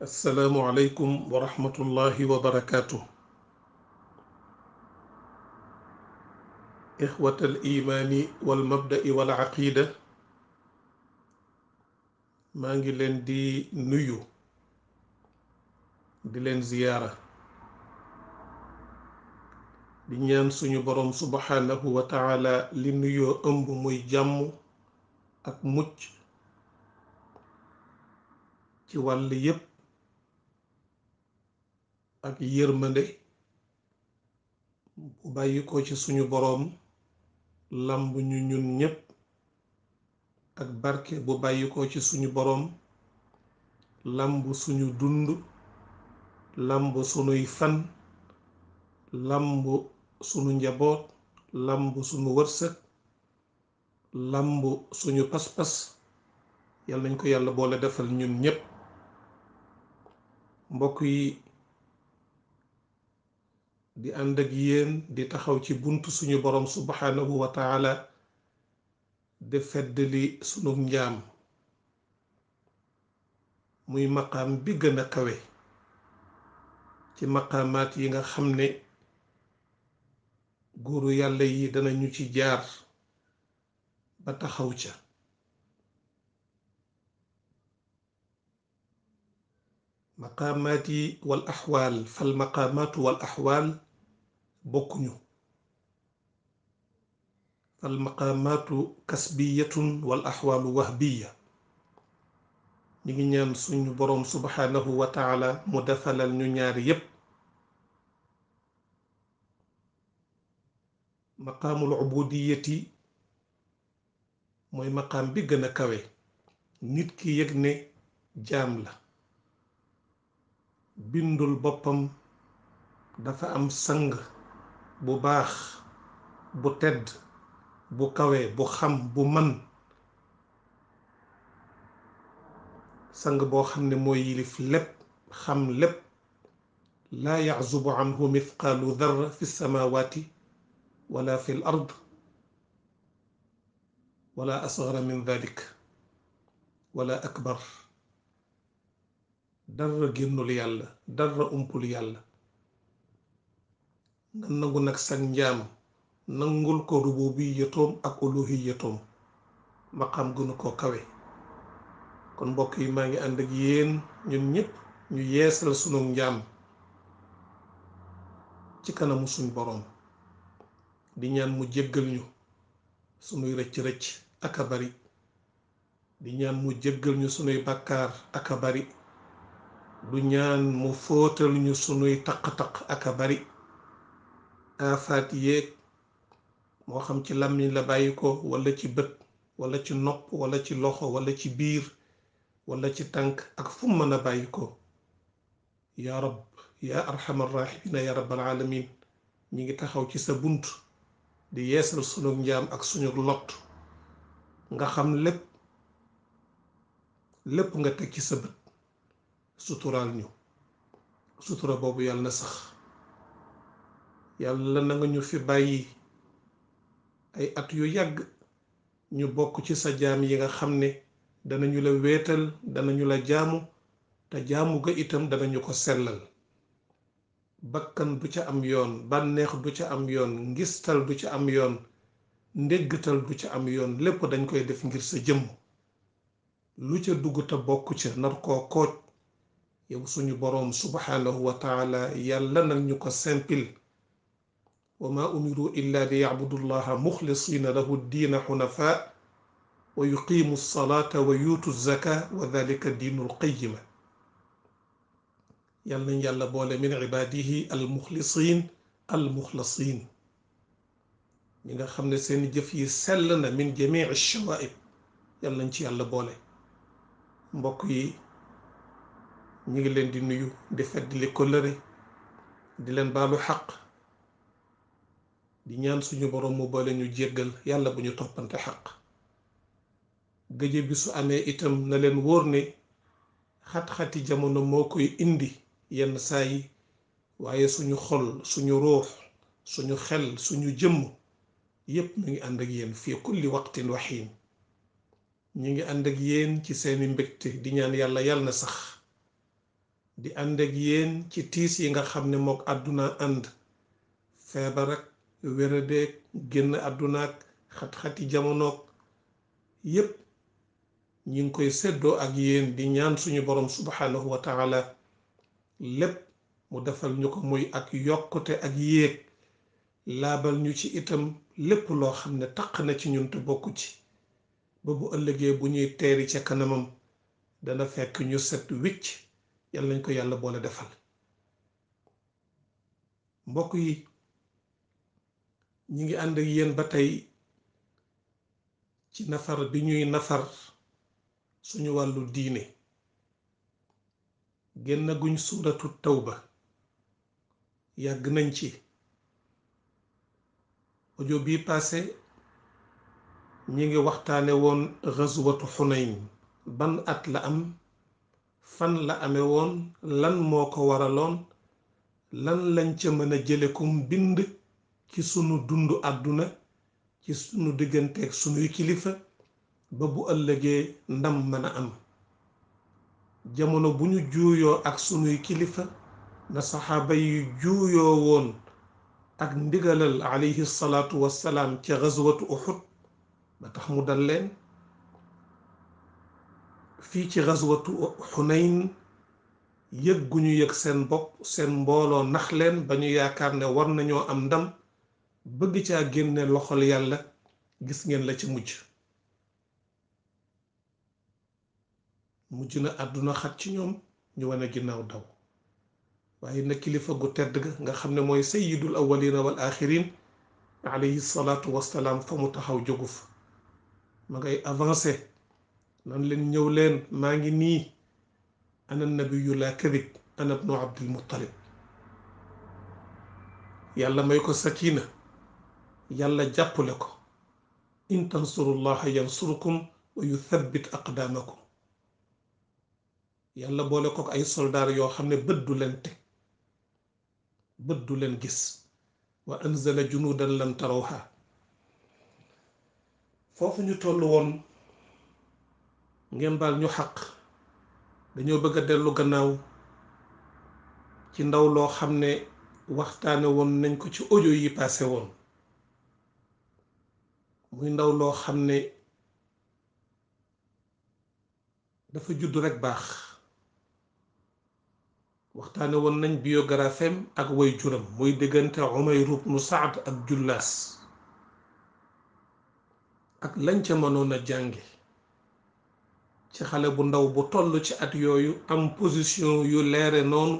assalaamu aleykum wa rahmatullahi wa barakaatu ixwat al imaani wal maa ngi leen di nuyu di leen ziyaara di ñaan suñu boroom subhaanahu wa li nuyoo ëmb muy jàmm ak mucc ci wàll yépp ak yërmande bu bàyyi ci suñu boroom lamb ñu ñun ñépp ak barke bu bàyyikoo ci suñu boroom lamb suñu dund lamb sunuy fan lamb sunu njaboot lamb sunu wërsëg lamb suñu pas-pas yàlla nañ ko yàlla boole defal ñun ñépp mbokk yi di ànd ak yéen di taxaw ci buntu suñu borom subhanahu wa taala de feddali sunu njaam muy maqaam bi gën a kawe ci maqaamaat yi nga xam ne góoru yàlla yi danañu ci jaar ba taxaw ca maqaamaat yi wal axwaal fal maqaamaatu wal axwaal bokkuñu fal maqaamaatu kasbiyatun wal axwaalu wahbiya ñu ngi ñaan suñu boroom subhaanahu wa taala mu defalal ñu ñaari yépp maqaamul ubudiyati mooy maqaam bi gën a kawe nit ki yëg ne jaam la bindul boppam dafa am sang bu baax bu tedd bu kawe bu xam bu man sang boo xam ne mooy yilif lépp xam lépp laa yaxzubu anhu mithqaalu darra fi lsamawati wala fi l ard wala asgara min dalik wala akbar darra génnul yàlla darra umpul yàlla na nangu nag sag njaam nangul ko rububiyatoom ak uluhiyatoom maqaam gënu ko kawe kon mbokk yi maa ngi ànd ak yéen ñun ñépp ñu yeesal sunu njaam ci kanamu suñ boroom di ñaan mu jéggal ñu sunuy rëcc-rëcc ak bari di ñaan mu jëggal ñu sunuy bàkkaar ak bari du ñaan mu fóotal ñu sunuy taq-taq ak bari aasaat yéeg moo xam ci làmmiñ la bàyyi ko ci bët walla ci nopp wala ci loxo walla ci biir wala ci tànk ak fu mu mën a bàyyi ko yaa rab yaa arhamar raahimiina yaa rabbal aalamiin ñi ngi taxaw ci sa bunt di yeesal sunu njaam ak suñu lot nga xam lépp lépp nga teg ci sa bët suturaal ñu sutura boobu yàlla na sax yàlla na nga ñu fi bàyyi ay at yu yàgg ñu bokk ci sa jaam yi nga xam ne danañu la weetal danañu la jaamu te jaamu ga itam danañu ko sellal bakkan du ca am yoon bànneex du ca am yoon ngistal du ca am yoon ndéggatal du ca am yoon lépp dañ koy def ngir sa jëmm lu ca dugg te bokk ca nar koo kooj yow suñu boroom subhaanahu wa yàlla nag ñu ko simpil wa ma umiru illa li yacbudu llaha muxlisina lahu diina xunafa wa yuqimu salaata wa yuutu zaka wa dalika diinul qayima yal nañ yàlla boole min ibaadihi almuxlisin almuxlasin ñi nga xam ne seen jëf yi sell na min jamii shawaib yal nañ ci yàlla boole mbokk yi ñu ngi leen di nuyu di fedd li ko lëre di leen baalu xaq di ñaan suñu borom mu boole jéggal yàlla bu ñu toppante xaq gëje bi su amee itam na leen wóor ne xat-xati jamono moo koy indi yenn saay waaye suñu xol suñu ruux suñu xel suñu jëmm yépp mu ngi ànd ak yéen fii kulli waqtin waxiin ñu ngi ànd ak yéen ci seeni mbégte di ñaan yàlla yàlla na sax di ànd ak yéen ci tiis yi nga xam ne mook àdduna ànd feebar ak wéradeeg génn àddunaak xat-xati jamonoog yépp ñu ngi koy seddoo ak yeen di ñaan suñu borom subhanahu wa taala lépp mu defal ñu ko muy ak yokkute ak yéeg laabal ñu ci itam lépp loo xam ne taq na ci ñun te bokku ci ba bu ëllëgee bu ñuy teeri ca kanamam dana fekk ñu set wicc yàlla nañ ko yàlla boole defal mbokk yi ñi ngi ànd ak yéen ba tey ci nafar bi ñuy nafar suñu wàllu diine génn guñ suuratu ba yàgg nañ ci audio bi passé ñi ngi waxtaane woon ghazwatu Hunayn ban at la am fan la amee woon lan moo ko waraloon lan lañ ca mën a jële kum bind ci sunu dundu àdduna ci sunu digganteeg sunuy kilifa ba bu ëllëgee ndam mën a am jamono bu ñu juuyoo ak sunuy kilifa na saxaaba yi juuyoo woon ak ndigalal alayhi salaatu wassalaam ci xaswatu uxud ba tax mu dal leen fii ci xaswatu xunayn yëg gu ñu yëg seen bopp seen mbooloo nax leen ba ñu yaakaar ne war nañoo am ndam bëgg caa génne loxol yàlla gis ngeen la ci mujj mujj na àdduna xat ci ñoom ñu wane ginnaaw daw waaye na kilifa gu tedd ga nga xam ne mooy sayyidul awwalina wal axirin alayhi salaatu wassalaam fa mu taxaw jógu fa ma ngay avancé nan leen ñëw leen maa ngi nii ana nabiyu laa kadib ana bnu abdil muttalib yàlla may ko sakina yàlla jàppale ko in tansurullaha yansurukum wa yuthabbit aqdaamakum yàlla boole ko ay soldaar yoo xam ne bët du leen teg bët du leen gis wa anzala junuudan lam tarawha foofu ñu toll woon ngeen baal ñu xaq dañoo bëgg a dellu gannaaw ci ndaw loo xam ne waxtaane woon nañ ko ci audio yi passé woon muy ndaw loo xam ne dafa juddu rekk baax waxtaane woon nañ biographem ak way juram muy diggante Umayr ibnu Saad ak Jullaas ak lañ ca mënoon a jànge ci xale bu ndaw bu toll ci at yooyu am position yu leere noonu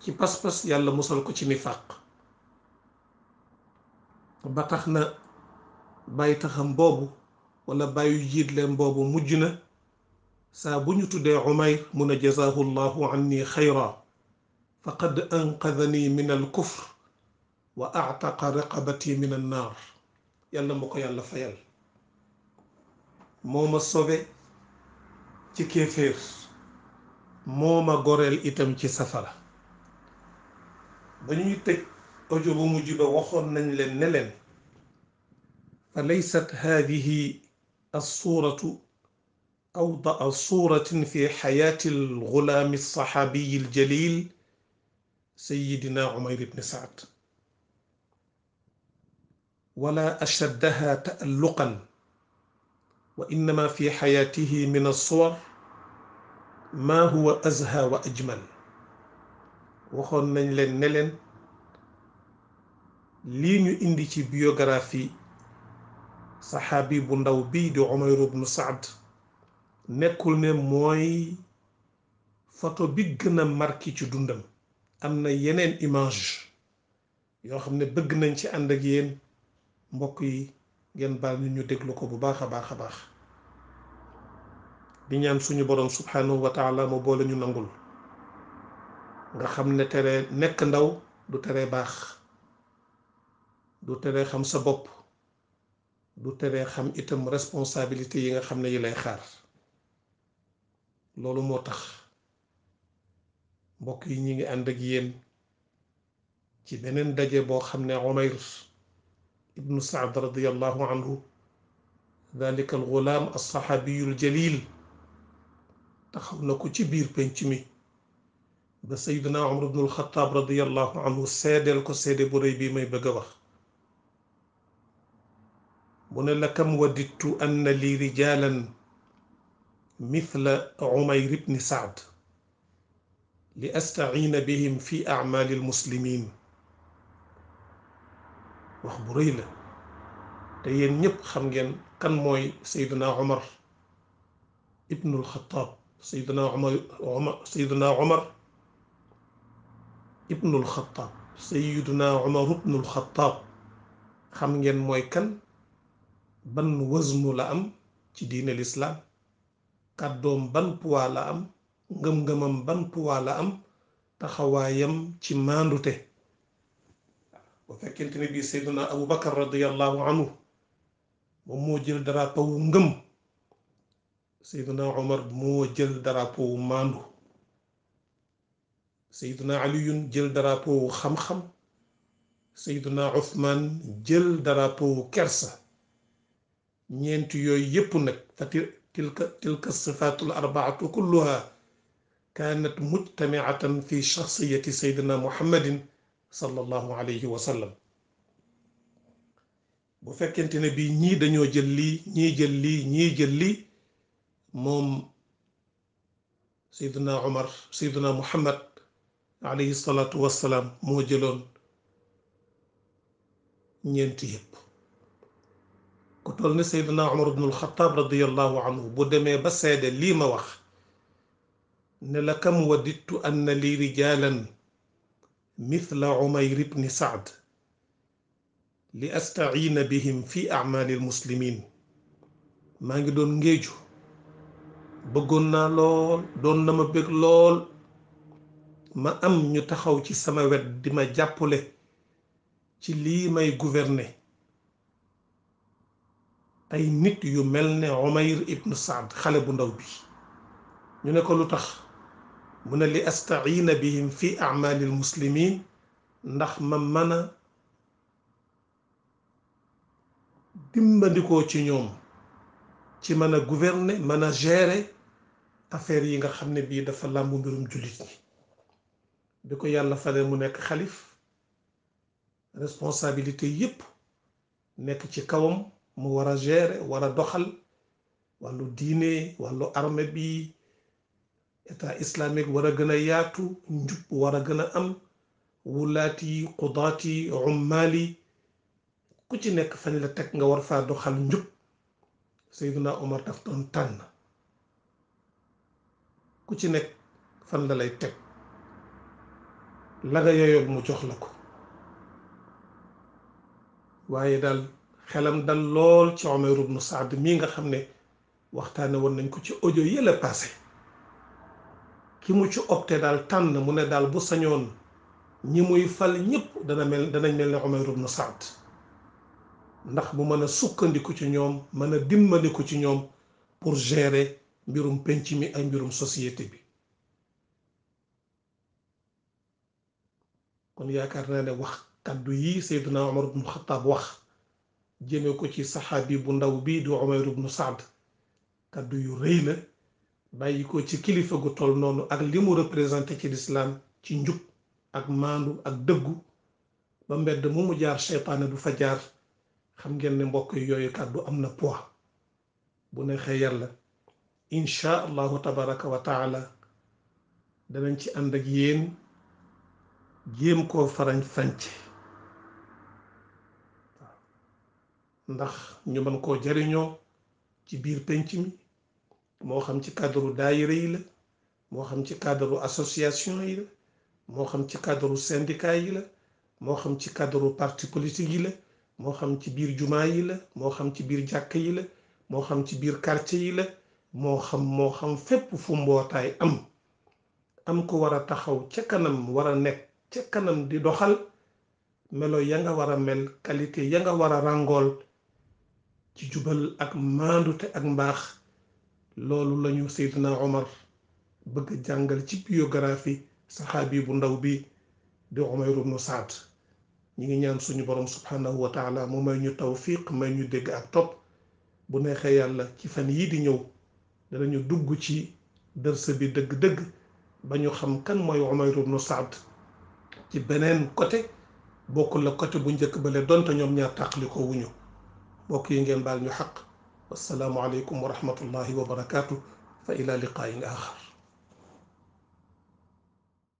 ci pas-pas yàlla musal ko ci nifaq ba tax na bàyyi taxam boobu wala jiit leen boobu mujj na saa bu ñu tuddee umayr mun a jazaahu llahu anni xayra faqad anqadani min al wa aataqa raqabati min an yàlla ma ko yàlla fayal moo ma sobe ci kéeféer moo ma goreel itam ci safara ba ñuy tëj audio bu mujj ba waxoon nañ leen ne leen فليست هذه الصورة أوضأ صورة في حياة الغلام الصحابي الجليل سيدنا عمير بن سعد ولا أشدها تألقا وإنما في حياته من الصور ما هو أزهى وأجمل waxoon nañ leen ne leen lii ñu indi ci biographie saxaabi bu ndaw bii di Umayr ibn Saad nekkul ne mooy foto bi gën a marqué ci dundam am na yeneen image yoo xam ne bëgg nañ ci ànd ak yéen mbokk yi ngeen baal ñu ñu déglu ko bu baax a baax a baax di ñaan suñu boroom subhanahu wa taala mu boole ñu nangul nga xam ne tere nekk ndaw du tere baax du tere xam sa bopp du teree xam itam responsabilité yi nga xam ne yi lay xaar loolu moo tax mbokk yi ñu ngi ànd ak yéen ci beneen daje boo xam ne Umayr ibnu Saad radiyallahu anhu dalika alxulaam alsaxaabiyu aljalil taxaw na ko ci biir penc mi ba Seydina Umar ibnu alxataab radiyallahu anhu seedeel ko seede bu rëy bii may bëgg a wax mu ne la kam wadittu anna li rijalan mithla umayr ibni saad li astaciina bihim fi acmaali almuslimin wax bu rëy la te yéen ñépp xam ngeen kan mooy sayduna omar ibnul xataab sayduna omar sayduna omar ibnul xataab sayduna omar ibnul xataab xam ngeen mooy kan ban wësmu la am ci diine lislaam kàddoom ban poids la am ngëm-ngëmam ban poids la am taxawaayam ci maandute bu fekkente ne bii seyduna abu bakar radiallahu anhu moo jël drapeau wu ngëm seyduna omar moo jël drapeau wu maandu seyduna aliyun jël drapeau wu xam-xam seyduna uthman jël drapeau wu kersa ñeent yooyu yépp nag fa tilka tilka sifaatul arbaatu kulluha kaanat mujtamiatan fi shaxsiyati saydina muhammadin sallallahu alayhi wa sallam bu fekkente ne bii ñii dañoo jël lii ñii jël lii ñii jël lii moom saydina umar saydina muhammad alayhi salaatu wassalaam moo jëloon ñeent yépp ku toll ni Seydina Omar ibnul Xataab radiyallahu bu demee ba seede lii ma wax ne la kam wadittu anna lii rijaalan mithla Umayr ibni Saad li astaciina bihim fi acmaali lmuslimiin maa ngi doon ngéeju bëggoon naa lool doon na ma bëgg lool ma am ñu taxaw ci sama wet di ma jàppale ci lii may gouverner ay nit yu mel ne Umayr ibn Saad xale bu ndaw bi ñu ne ko lu tax mu ne li astaina bihim fi amalil muslimin ndax ma mën a dimbandikoo ci ñoom ci mën a gouverner mën a gérer affaire yi nga xam ne bii dafa làmbu mbirum jullit ñi bi ko yàlla fale mu nekk xalif responsabilité yépp nekk ci kawam mu war a gérer war a doxal wàllu diine wàllu armée bi état islamique war a gën a yaatu njub war a gën a am wulaati yi xudaat ku ci nekk fañ la teg nga war faa doxal njub Seydina Omar daf doon tànn ku ci nekk fan la lay teg la nga yoyoog mu jox la ko waaye daal xelam dal lool ci Umayr ibn Saad mii nga xam ne waxtaane woon nañ ko ci audio yële passé ki mu ci opté daal tànn mu ne daal bu sañoon ñi muy fal ñëpp dana mel danañ mel ne Umayr ibn Saad ndax mu mën a sukkandiku ci ñoom mën a dimbandiku ci ñoom pour gérer mbirum penc mi ak mbirum société bi kon yaakaar naa ne wax kaddu yi Seydina Omar ibn Xattaab wax jëme ko ci saxaabi bu ndaw bii di Umayr ibnu Saad kàddu yu rëy la bàyyi ko ci kilifa gu toll noonu ak li mu représenté ci lislaam ci njub ak maandu ak dëggu ba mbedd mu mu jaar seytaane du fa jaar xam ngeen ni mbokk yooyu kàddu am na poids bu neexee la incha allahu tabaraka wa taala danañ ci ànd ak yéen jéem koo farañ fànce ndax ñu mën koo jariñoo ci biir penc mi moo xam ci kadru daayira yi la moo xam ci cadre association yi la moo xam ci cadre syndicat yi la moo xam ci cadre parti politique yi la moo xam ci biir jumaa yi la moo xam ci biir jàkk yi la moo xam ci biir quartier yi la moo xam moo xam fépp fu mbootaay am am ko war a taxaw ca kanam war a nekk ca kanam di doxal melo ya nga war a mel qualité ya nga war a ràngool ci jubal ak maandute ak mbaax loolu lañu Seydina Omar bëgg a jàngal ci biographie saxaabi bu ndaw bi di Umayr ibnu Saad ñi ngi ñaan suñu borom subhanahu wa taala mu may ñu tawfiq may ñu dégg ak topp bu neexee yàlla ci fen yii di ñëw danañu dugg ci dërsa bi dëgg-dëgg ba ñu xam kan mooy Umayr ibnu Saad ci beneen côté bokkul la côté bu njëkk ba bale donte ñoom ñaar tàqli ko mbokk yi ngeen baal ñu xaq wassalaamu aleykum wa rahmatullahi wa barakaatu fa ila liqaayin aaxar